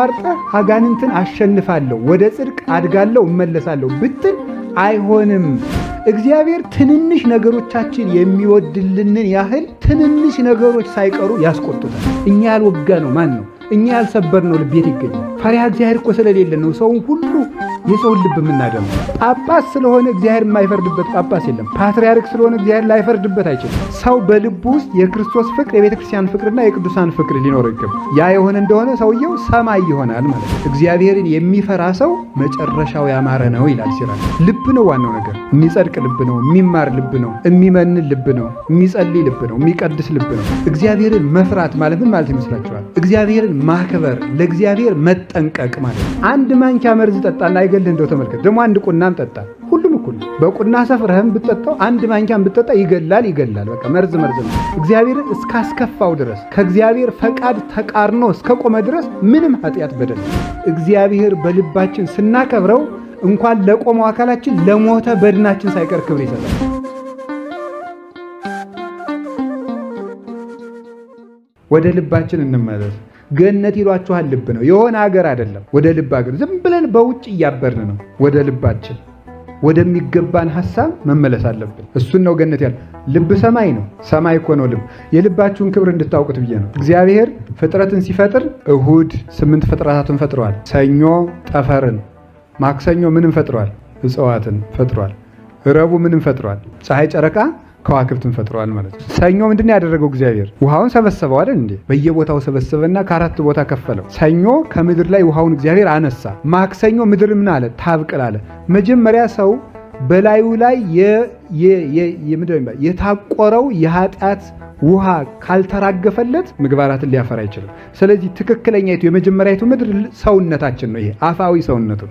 አቋርጠ ሀጋንንትን አሸንፋለሁ፣ ወደ ጽድቅ አድጋለሁ፣ እመለሳለሁ ብትል አይሆንም። እግዚአብሔር ትንንሽ ነገሮቻችን የሚወድልንን ያህል ትንንሽ ነገሮች ሳይቀሩ ያስቆጡታል። እኛ ያልወጋ ነው ማን ነው? እኛ ያልሰበርነው ልብ የት ይገኛል? ፈሪሃ እግዚአብሔር እኮ ስለሌለ ነው ሰውን ሁሉ የሰውን ልብ የምናደም። ጳጳስ ስለሆነ እግዚአብሔር የማይፈርድበት ጳጳስ የለም። ፓትርያርክ ስለሆነ እግዚአብሔር ላይፈርድበት አይችልም። ሰው በልቡ ውስጥ የክርስቶስ ፍቅር፣ የቤተ ክርስቲያን ፍቅርና የቅዱሳን ፍቅር ሊኖር ይገባል። ያ የሆነ እንደሆነ ሰውየው ሰማይ ይሆናል ማለት ነው። እግዚአብሔርን የሚፈራ ሰው መጨረሻው ያማረ ነው ይላል ሲራ። ልብ ነው ዋናው ነገር። የሚጸድቅ ልብ ነው፣ የሚማር ልብ ነው፣ የሚመንን ልብ ነው፣ የሚጸልይ ልብ ነው፣ የሚቀድስ ልብ ነው። እግዚአብሔርን መፍራት ማለት ምን ማለት ይመስላችኋል? እግዚአብሔርን ማክበር ለእግዚአብሔር መጠንቀቅ ማለት ነው። አንድ ማንኪያ መርዝ ጠጣና አይገልህ እንደው ተመልከት። ደግሞ አንድ ቁናም ጠጣ። ሁሉም እኩል በቁና ሰፍረህም ብትጠጣው አንድ ማንኪያም ብትጠጣ ይገላል፣ ይገላል። በቃ መርዝ መርዝ ነው። እግዚአብሔርን እስካስከፋው ድረስ ከእግዚአብሔር ፈቃድ ተቃርኖ እስከቆመ ድረስ ምንም ኃጢአት በደል እግዚአብሔር በልባችን ስናከብረው እንኳን ለቆመው አካላችን ለሞተ በድናችን ሳይቀር ክብር ይሰጣል። ወደ ልባችን እንመለስ። ገነት ይሏችኋል ልብ ነው። የሆነ ሀገር አይደለም፣ ወደ ልብ ሀገር ዝም ብለን በውጭ እያበርን ነው። ወደ ልባችን ወደሚገባን ሀሳብ መመለስ አለብን። እሱን ነው ገነት ያለ ልብ ሰማይ ነው። ሰማይ እኮ ነው ልብ። የልባችሁን ክብር እንድታውቁት ብዬ ነው። እግዚአብሔር ፍጥረትን ሲፈጥር እሁድ ስምንት ፍጥረታትን ፈጥረዋል። ሰኞ ጠፈርን፣ ማክሰኞ ምንም ፈጥረዋል፣ እጽዋትን ፈጥረዋል። ረቡ ምንም ፈጥረዋል፣ ፀሐይ ጨረቃ ከዋክብትን ፈጥረዋል ማለት ነው። ሰኞ ምንድን ያደረገው እግዚአብሔር ውሃውን ሰበሰበው አይደል እንዴ? በየቦታው ሰበሰበና ከአራት ቦታ ከፈለው። ሰኞ ከምድር ላይ ውሃውን እግዚአብሔር አነሳ። ማክሰኞ ምድር ምን አለ? ታብቅል አለ። መጀመሪያ ሰው በላዩ ላይ የታቆረው የኃጢአት ውሃ ካልተራገፈለት ምግባራትን ሊያፈራ አይችልም። ስለዚህ ትክክለኛይቱ የመጀመሪያይቱ ምድር ሰውነታችን ነው። ይሄ አፋዊ ሰውነቱ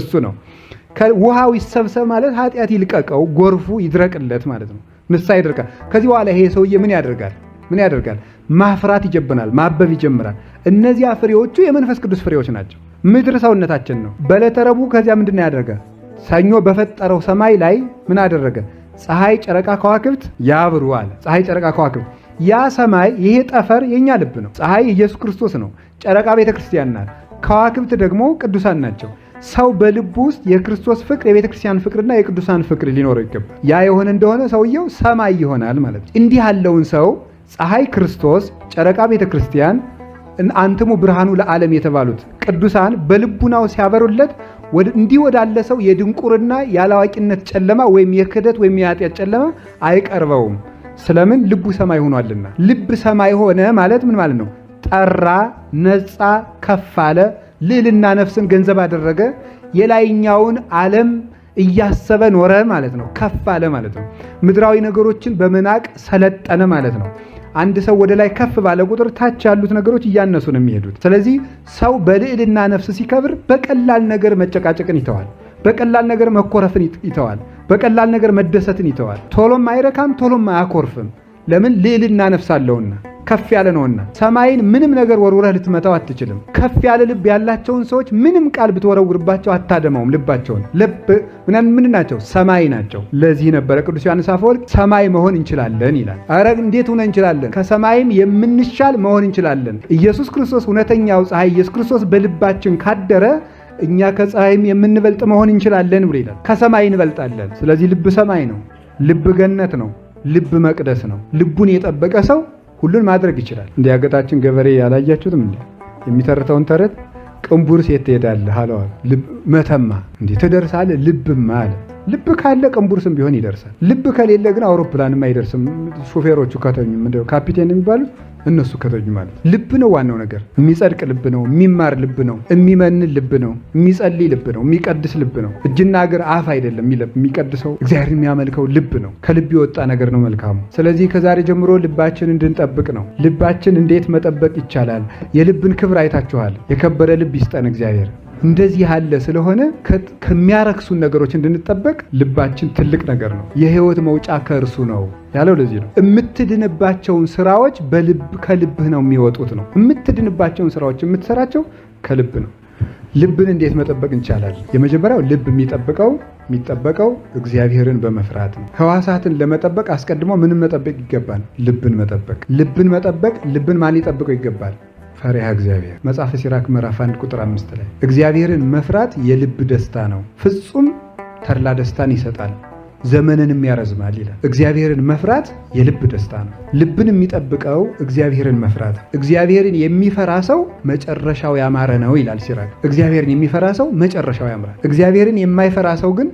እሱ ነው። ውሃው ይሰብሰብ ማለት ኃጢአት ይልቀቀው፣ ጎርፉ ይድረቅለት ማለት ነው። ንስሐ ይደርጋል። ከዚህ በኋላ ይሄ ሰውዬ ምን ያደርጋል? ምን ያደርጋል? ማፍራት ይጀብናል። ማበብ ይጀምራል። እነዚያ ፍሬዎቹ የመንፈስ ቅዱስ ፍሬዎች ናቸው። ምድር ሰውነታችን ነው። በዕለተ ረቡዕ ከዚያ ምንድን ያደረገ? ሰኞ በፈጠረው ሰማይ ላይ ምን አደረገ? ፀሐይ፣ ጨረቃ፣ ከዋክብት ያብሩ አለ። ፀሐይ፣ ጨረቃ፣ ከዋክብት ያ ሰማይ ይሄ ጠፈር የእኛ ልብ ነው። ፀሐይ ኢየሱስ ክርስቶስ ነው። ጨረቃ ቤተ ክርስቲያን ናት። ከዋክብት ደግሞ ቅዱሳን ናቸው። ሰው በልቡ ውስጥ የክርስቶስ ፍቅር፣ የቤተ ክርስቲያን ፍቅርና የቅዱሳን ፍቅር ሊኖረው ይገባል። ያ የሆነ እንደሆነ ሰውየው ሰማይ ይሆናል ማለት ነው። እንዲህ ያለውን ሰው ፀሐይ ክርስቶስ፣ ጨረቃ ቤተ ክርስቲያን፣ አንትሙ ብርሃኑ ለዓለም የተባሉት ቅዱሳን በልቡናው ሲያበሩለት እንዲህ ወዳለ ሰው የድንቁርና የአላዋቂነት ጨለማ ወይም የክህደት ወይም የኃጢአት ጨለማ አይቀርበውም። ስለምን ልቡ ሰማይ ሆኗልና። ልብ ሰማይ ሆነ ማለት ምን ማለት ነው? ጠራ፣ ነጻ፣ ከፍ አለ ልዕልና ነፍስን ገንዘብ አደረገ። የላይኛውን ዓለም እያሰበ ኖረ ማለት ነው። ከፍ አለ ማለት ነው። ምድራዊ ነገሮችን በመናቅ ሰለጠነ ማለት ነው። አንድ ሰው ወደ ላይ ከፍ ባለ ቁጥር ታች ያሉት ነገሮች እያነሱ ነው የሚሄዱት። ስለዚህ ሰው በልዕልና ነፍስ ሲከብር በቀላል ነገር መጨቃጨቅን ይተዋል። በቀላል ነገር መኮረፍን ይተዋል። በቀላል ነገር መደሰትን ይተዋል። ቶሎም አይረካም፣ ቶሎም አያኮርፍም። ለምን? ልዕልና ነፍስ አለውና። ከፍ ያለ ነውና ሰማይን ምንም ነገር ወርውረህ ልትመታው አትችልም። ከፍ ያለ ልብ ያላቸውን ሰዎች ምንም ቃል ብትወረውርባቸው አታደማውም ልባቸውን። ልብ ምን ናቸው? ሰማይ ናቸው። ለዚህ ነበረ ቅዱስ ዮሐንስ አፈወርቅ ሰማይ መሆን እንችላለን ይላል። አረ እንዴት ሆነ እንችላለን? ከሰማይም የምንሻል መሆን እንችላለን። ኢየሱስ ክርስቶስ እውነተኛው ፀሐይ ኢየሱስ ክርስቶስ በልባችን ካደረ እኛ ከፀሐይም የምንበልጥ መሆን እንችላለን ብሎ ይላል። ከሰማይ እንበልጣለን። ስለዚህ ልብ ሰማይ ነው። ልብ ገነት ነው። ልብ መቅደስ ነው። ልቡን የጠበቀ ሰው ሁሉን ማድረግ ይችላል። እንደ ያገጣችን ገበሬ ያላያችሁትም እንደ የሚተርተውን ተረት ቅንቡር ሴት ትሄዳለህ አለዋል። መተማ እንዲህ ትደርሳለህ ልብማ አለ ልብ ካለ ቅንቡርስም ቢሆን ይደርሳል። ልብ ከሌለ ግን አውሮፕላንም አይደርስም። ሾፌሮቹ ከተኙ ምንድን ነው ካፒቴን የሚባሉት እነሱ ከተኙ ማለት ልብ ነው ዋናው ነገር። የሚጸድቅ ልብ ነው፣ የሚማር ልብ ነው፣ የሚመንን ልብ ነው፣ የሚጸልይ ልብ ነው፣ የሚቀድስ ልብ ነው። እጅና እግር አፍ አይደለም የሚቀድሰው እግዚአብሔር የሚያመልከው ልብ ነው። ከልብ የወጣ ነገር ነው መልካሙ። ስለዚህ ከዛሬ ጀምሮ ልባችን እንድንጠብቅ ነው። ልባችን እንዴት መጠበቅ ይቻላል? የልብን ክብር አይታችኋል። የከበረ ልብ ይስጠን እግዚአብሔር። እንደዚህ ያለ ስለሆነ ከሚያረክሱን ነገሮች እንድንጠበቅ ልባችን ትልቅ ነገር ነው። የህይወት መውጫ ከእርሱ ነው ያለው ለዚህ ነው። የምትድንባቸውን ስራዎች ከልብህ ነው የሚወጡት ነው። የምትድንባቸውን ስራዎች የምትሰራቸው ከልብ ነው። ልብን እንዴት መጠበቅ እንቻላል? የመጀመሪያው ልብ የሚጠብቀው የሚጠበቀው እግዚአብሔርን በመፍራት ነው። ህዋሳትን ለመጠበቅ አስቀድሞ ምንም መጠበቅ ይገባል? ልብን መጠበቅ። ልብን መጠበቅ ልብን ማን ሊጠብቀው ይገባል? ፈሪሃ እግዚአብሔር መጽሐፈ ሲራክ ምዕራፍ 1 ቁጥር 5 ላይ እግዚአብሔርን መፍራት የልብ ደስታ ነው፣ ፍጹም ተድላ ደስታን ይሰጣል፣ ዘመንንም ያረዝማል ይላል። እግዚአብሔርን መፍራት የልብ ደስታ ነው። ልብን የሚጠብቀው እግዚአብሔርን መፍራት። እግዚአብሔርን የሚፈራ ሰው መጨረሻው ያማረ ነው ይላል ሲራክ። እግዚአብሔርን የሚፈራ ሰው መጨረሻው ያምራል። እግዚአብሔርን የማይፈራ ሰው ግን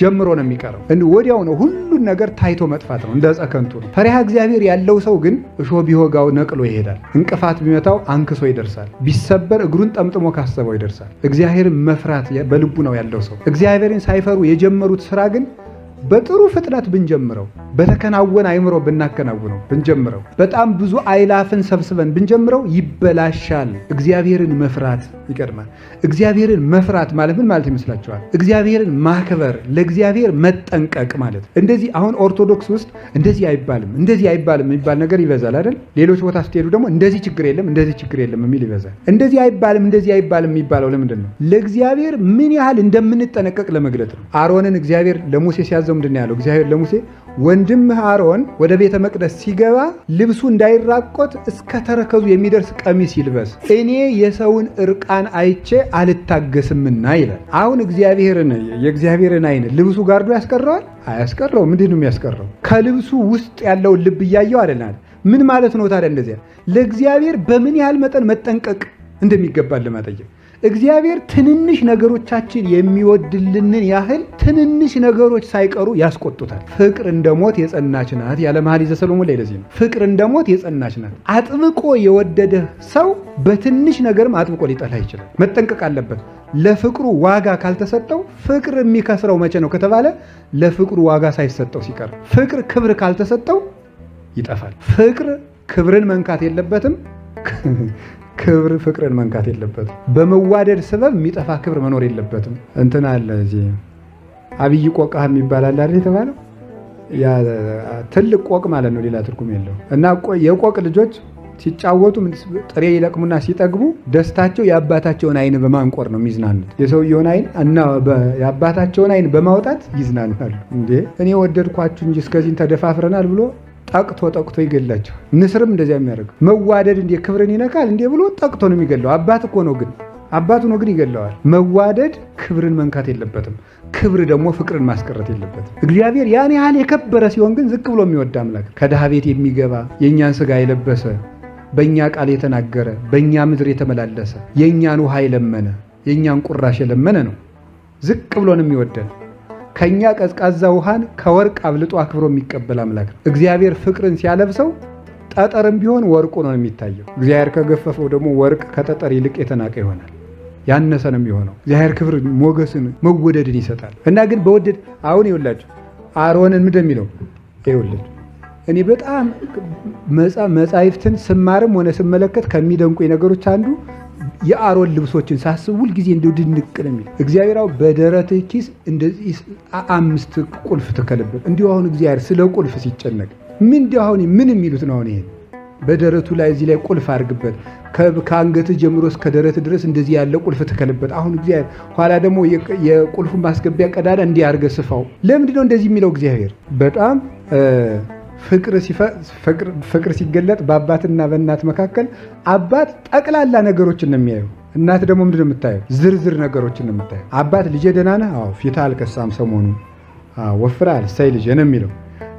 ጀምሮ ነው የሚቀረው። ወዲያው ነው ሁሉን ነገር ታይቶ መጥፋት ነው። እንደ ጸከንቱ ነው። ፈሪሃ እግዚአብሔር ያለው ሰው ግን እሾህ ቢወጋው ነቅሎ ይሄዳል። እንቅፋት ቢመታው አንክሶ ይደርሳል። ቢሰበር እግሩን ጠምጥሞ ካሰበው ይደርሳል። እግዚአብሔርን መፍራት በልቡ ነው ያለው ሰው። እግዚአብሔርን ሳይፈሩ የጀመሩት ስራ ግን በጥሩ ፍጥነት ብንጀምረው በተከናወነ አይምሮ ብናከናውነው ብንጀምረው በጣም ብዙ አይላፍን ሰብስበን ብንጀምረው ይበላሻል። እግዚአብሔርን መፍራት ይቀድማል። እግዚአብሔርን መፍራት ማለት ምን ማለት ይመስላችኋል? እግዚአብሔርን ማክበር፣ ለእግዚአብሔር መጠንቀቅ ማለት እንደዚህ። አሁን ኦርቶዶክስ ውስጥ እንደዚህ አይባልም፣ እንደዚህ አይባልም የሚባል ነገር ይበዛል አይደል? ሌሎች ቦታ ስትሄዱ ደግሞ እንደዚህ ችግር የለም፣ እንደዚህ ችግር የለም የሚል ይበዛል። እንደዚህ አይባልም፣ እንደዚህ አይባልም የሚባለው ለምንድን ነው? ለእግዚአብሔር ምን ያህል እንደምንጠነቀቅ ለመግለጥ ነው። አሮንን እግዚአብሔር ለሙሴ ሲያዘ ያዘው ምንድን ያለው? እግዚአብሔር ለሙሴ ወንድምህ አሮን ወደ ቤተ መቅደስ ሲገባ ልብሱ እንዳይራቆት እስከ ተረከዙ የሚደርስ ቀሚስ ይልበስ፣ እኔ የሰውን እርቃን አይቼ አልታገስምና ይላል። አሁን እግዚአብሔርን የእግዚአብሔርን አይን ልብሱ ጋርዶ ያስቀረዋል? አያስቀረው። ምንድን ነው የሚያስቀረው? ከልብሱ ውስጥ ያለውን ልብ እያየው አለናል። ምን ማለት ነው ታዲያ? እንደዚያ ለእግዚአብሔር በምን ያህል መጠን መጠንቀቅ እንደሚገባል ለማጠየቅ እግዚአብሔር ትንንሽ ነገሮቻችን የሚወድልንን ያህል ትንንሽ ነገሮች ሳይቀሩ ያስቆጡታል። ፍቅር እንደ ሞት የጸናች ናት ያለ መኃልየ ሰሎሞን ላይ ለዚህ ነው። ፍቅር እንደ ሞት የጸናች ናት። አጥብቆ የወደደህ ሰው በትንሽ ነገርም አጥብቆ ሊጠላ ይችላል። መጠንቀቅ አለበት። ለፍቅሩ ዋጋ ካልተሰጠው ፍቅር የሚከስረው መቼ ነው ከተባለ ለፍቅሩ ዋጋ ሳይሰጠው ሲቀር፣ ፍቅር ክብር ካልተሰጠው ይጠፋል። ፍቅር ክብርን መንካት የለበትም። ክብር ፍቅርን መንካት የለበትም። በመዋደድ ሰበብ የሚጠፋ ክብር መኖር የለበትም። እንትን አለ እዚህ አብይ ቆቃህ የሚባል አለ አይደል የተባለው ትልቅ ቆቅ ማለት ነው። ሌላ ትርጉም የለው እና የቆቅ ልጆች ሲጫወቱ ጥሬ ይለቅሙና ሲጠግቡ ደስታቸው የአባታቸውን ዓይን በማንቆር ነው የሚዝናኑት። የሰውየውን ዓይን እና የአባታቸውን ዓይን በማውጣት ይዝናናሉ። እንዴ እኔ ወደድኳችሁ እንጂ እስከዚህን ተደፋፍረናል ብሎ ጠቅቶ ጠቅቶ ይገላቸዋል። ንስርም እንደዚያ የሚያደርግ መዋደድ እንዴ ክብርን ይነካል እንዴ ብሎ ጠቅቶ ነው የሚገለው። አባት እኮ ነው ግን አባቱ ነው ግን ይገለዋል። መዋደድ ክብርን መንካት የለበትም። ክብር ደግሞ ፍቅርን ማስቀረት የለበትም። እግዚአብሔር ያን ያህል የከበረ ሲሆን ግን ዝቅ ብሎ የሚወድ አምላክ ከድሃ ቤት የሚገባ የእኛን ስጋ የለበሰ በእኛ ቃል የተናገረ በእኛ ምድር የተመላለሰ የእኛን ውሃ የለመነ የእኛን ቁራሽ የለመነ ነው። ዝቅ ብሎን የሚወደን ከእኛ ቀዝቃዛ ውሃን ከወርቅ አብልጦ አክብሮ የሚቀበል አምላክ ነው። እግዚአብሔር ፍቅርን ሲያለብሰው ጠጠርም ቢሆን ወርቁ ነው የሚታየው። እግዚአብሔር ከገፈፈው ደግሞ ወርቅ ከጠጠር ይልቅ የተናቀ ይሆናል፣ ያነሰ ነው የሚሆነው። እግዚአብሔር ክብር፣ ሞገስን፣ መወደድን ይሰጣል እና ግን በወደድ አሁን ይውላችሁ አሮንን ምንድን የሚለው ይውልድ እኔ በጣም መጻሕፍትን ስማርም ሆነ ስመለከት ከሚደንቁኝ ነገሮች አንዱ የአሮን ልብሶችን ሳስብ ሁልጊዜ እንደ ድንቅ ነው የሚል እግዚአብሔር አሁን ኪስ እንደዚህ አምስት ቁልፍ ትከልበት። እንዲሁ አሁን እግዚአብሔር ስለ ቁልፍ ሲጨነቅ ምን አሁን ምን የሚሉት ነው? አሁን ይሄ በደረቱ ላይ እዚህ ላይ ቁልፍ አድርግበት፣ ከአንገት ጀምሮ እስከ ደረት ድረስ እንደዚህ ያለ ቁልፍ ትከልበት። አሁን እግዚአብሔር ኋላ ደግሞ የቁልፉ ማስገቢያ ቀዳዳ እንዲህ ስፋው። ለምንድን ነው እንደዚህ የሚለው? እግዚአብሔር በጣም ፍቅር ሲገለጥ በአባትና በእናት መካከል አባት ጠቅላላ ነገሮችን ነው የሚያየው። እናት ደግሞ ምንድን ነው የምታየው? ዝርዝር ነገሮችን ነው የምታየው። አባት ልጄ ደህና ነህ? አዎ። አልከሳም፣ ሰሞኑ ወፍረሃል? እሰይ ልጄ ነው የሚለው።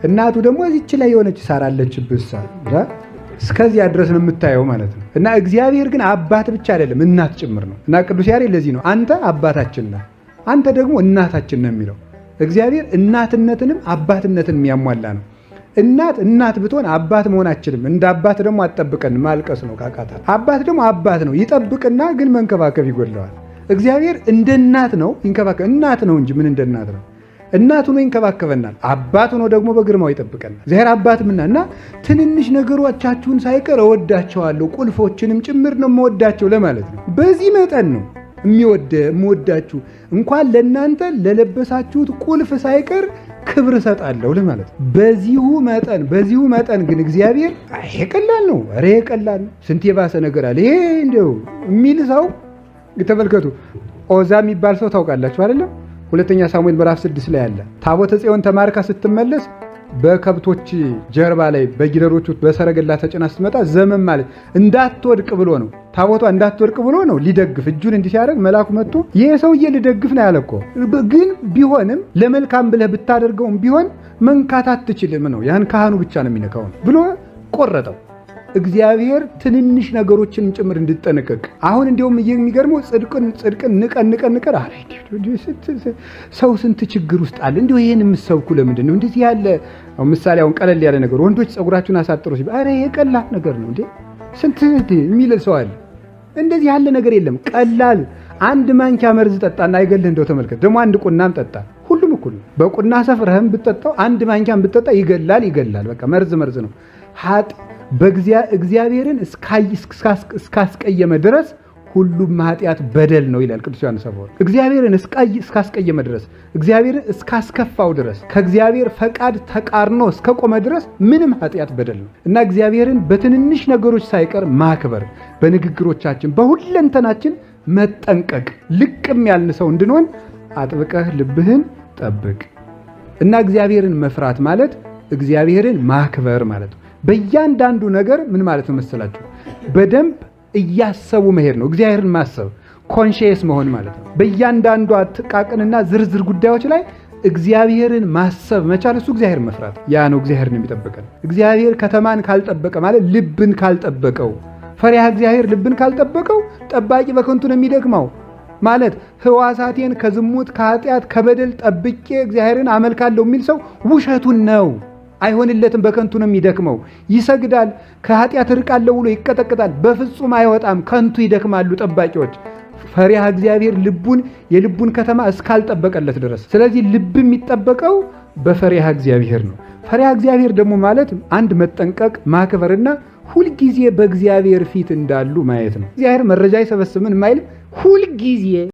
እናቱ ደግሞ እዚች ላይ የሆነች ሳራለች ብሳ እስከዚያ ድረስ ነው የምታየው ማለት ነው። እና እግዚአብሔር ግን አባት ብቻ አይደለም እናት ጭምር ነው። እና ቅዱስ ያሬድ ለዚህ ነው አንተ አባታችን ነህ፣ አንተ ደግሞ እናታችን ነው የሚለው። እግዚአብሔር እናትነትንም አባትነትን የሚያሟላ ነው። እናት እናት ብትሆን አባት መሆን አችልም። እንደ አባት ደግሞ አጠብቀን ማልቀስ ነው ካቃታ። አባት ደግሞ አባት ነው ይጠብቅና ግን መንከባከብ ይጎለዋል። እግዚአብሔር እንደ እናት ነው ይንከባከብ። እናት ነው እንጂ ምን እንደ እናት ነው። እናት ሆኖ ይንከባከበናል። አባት ሆኖ ደግሞ በግርማው ይጠብቀናል። እግዚአብሔር አባት ምና እና ትንንሽ ነገሮቻችሁን ሳይቀር እወዳቸዋለሁ፣ ቁልፎችንም ጭምር ነው የምወዳቸው ለማለት ነው። በዚህ መጠን ነው የሚወደ የምወዳችሁ እንኳን ለእናንተ ለለበሳችሁት ቁልፍ ሳይቀር ክብር እሰጣለሁ ለማለት ነው። በዚሁ መጠን በዚሁ መጠን ግን እግዚአብሔር ይሄ ቀላል ነው፣ ኧረ ይሄ ቀላል ነው፣ ስንት የባሰ ነገር አለ፣ ይሄ እንደው የሚል ሰው ተመልከቱ። ኦዛ የሚባል ሰው ታውቃላችሁ አይደለም? ሁለተኛ ሳሙኤል ምዕራፍ ስድስት ላይ አለ። ታቦተ ጽዮን ተማርካ ስትመለስ በከብቶች ጀርባ ላይ በጊደሮቹ በሰረገላ ተጭና ስትመጣ ዘመን ማለት እንዳትወድቅ ብሎ ነው ታቦቷ እንዳትወድቅ ብሎ ነው ሊደግፍ እጁን እንዲህ ሲያደርግ መልአኩ መጥቶ ይህ ሰውዬ ልደግፍ ነው ያለኮ። ግን ቢሆንም ለመልካም ብለህ ብታደርገውም ቢሆን መንካት አትችልም ነው ያን ካህኑ ብቻ ነው የሚነካው ብሎ ቆረጠው። እግዚአብሔር ትንንሽ ነገሮችን ጭምር እንድጠነቀቅ አሁን እንዲሁም የሚገርመው ጽድቅን ጽድቅን ንቀን ንቀን ንቀን ሰው ስንት ችግር ውስጥ አለ። እንዲሁ ይህን የምሰብኩ ለምንድን ነው እንደዚህ ያለ ምሳሌ? አሁን ቀለል ያለ ነገር ወንዶች ጸጉራችሁን አሳጥሮ ሲ ኧረ የቀላል ነገር ነው እንዴ ስንት የሚል ሰው አለ። እንደዚህ ያለ ነገር የለም። ቀላል አንድ ማንኪያ መርዝ ጠጣና አይገልህ እንደው ተመልከት። ደግሞ አንድ ቁናም ጠጣ፣ ሁሉም እኩል ነው። በቁና ሰፍረህም ብትጠጣው አንድ ማንኪያም ብትጠጣ ይገላል፣ ይገላል። በቃ መርዝ መርዝ ነው። ሀጥ በእግዚአብሔርን እስካስቀየመ ድረስ ሁሉም ኃጢአት በደል ነው ይላል ቅዱስ ዮሐንስ አፈወርቅ። እግዚአብሔርን እስካስቀየመ ድረስ፣ እግዚአብሔርን እስካስከፋው ድረስ፣ ከእግዚአብሔር ፈቃድ ተቃርኖ እስከቆመ ድረስ ምንም ኃጢአት በደል ነው እና እግዚአብሔርን በትንንሽ ነገሮች ሳይቀር ማክበር፣ በንግግሮቻችን በሁለንተናችን መጠንቀቅ፣ ልቅም ያልን ሰው እንድንሆን አጥብቀህ ልብህን ጠብቅ እና እግዚአብሔርን መፍራት ማለት እግዚአብሔርን ማክበር ማለት ነው። በእያንዳንዱ ነገር ምን ማለት ነው መሰላችሁ በደንብ እያሰቡ መሄድ ነው። እግዚአብሔርን ማሰብ ኮንሽየስ መሆን ማለት ነው። በእያንዳንዷ ጥቃቅንና ዝርዝር ጉዳዮች ላይ እግዚአብሔርን ማሰብ መቻል እሱ እግዚአብሔር መፍራት ያ ነው። እግዚአብሔርን የሚጠብቀን እግዚአብሔር ከተማን ካልጠበቀ ማለት ልብን ካልጠበቀው፣ ፈሪሃ እግዚአብሔር ልብን ካልጠበቀው ጠባቂ በከንቱ ነው የሚደክመው ማለት ህዋሳቴን ከዝሙት ከኃጢአት ከበደል ጠብቄ እግዚአብሔርን አመልካለሁ የሚል ሰው ውሸቱን ነው። አይሆንለትም፣ በከንቱ ነው የሚደክመው። ይሰግዳል፣ ከኃጢአት ርቃለሁ ብሎ ይቀጠቅጣል፣ በፍጹም አይወጣም፣ ከንቱ ይደክማሉ ጠባቂዎች። ፈሪሃ እግዚአብሔር ልቡን የልቡን ከተማ እስካልጠበቀለት ድረስ። ስለዚህ ልብ የሚጠበቀው በፈሪሃ እግዚአብሔር ነው። ፈሪሃ እግዚአብሔር ደግሞ ማለት አንድ መጠንቀቅ፣ ማክበርና ሁልጊዜ በእግዚአብሔር ፊት እንዳሉ ማየት ነው። እግዚአብሔር መረጃ አይሰበስብም አይልም፣ ሁልጊዜ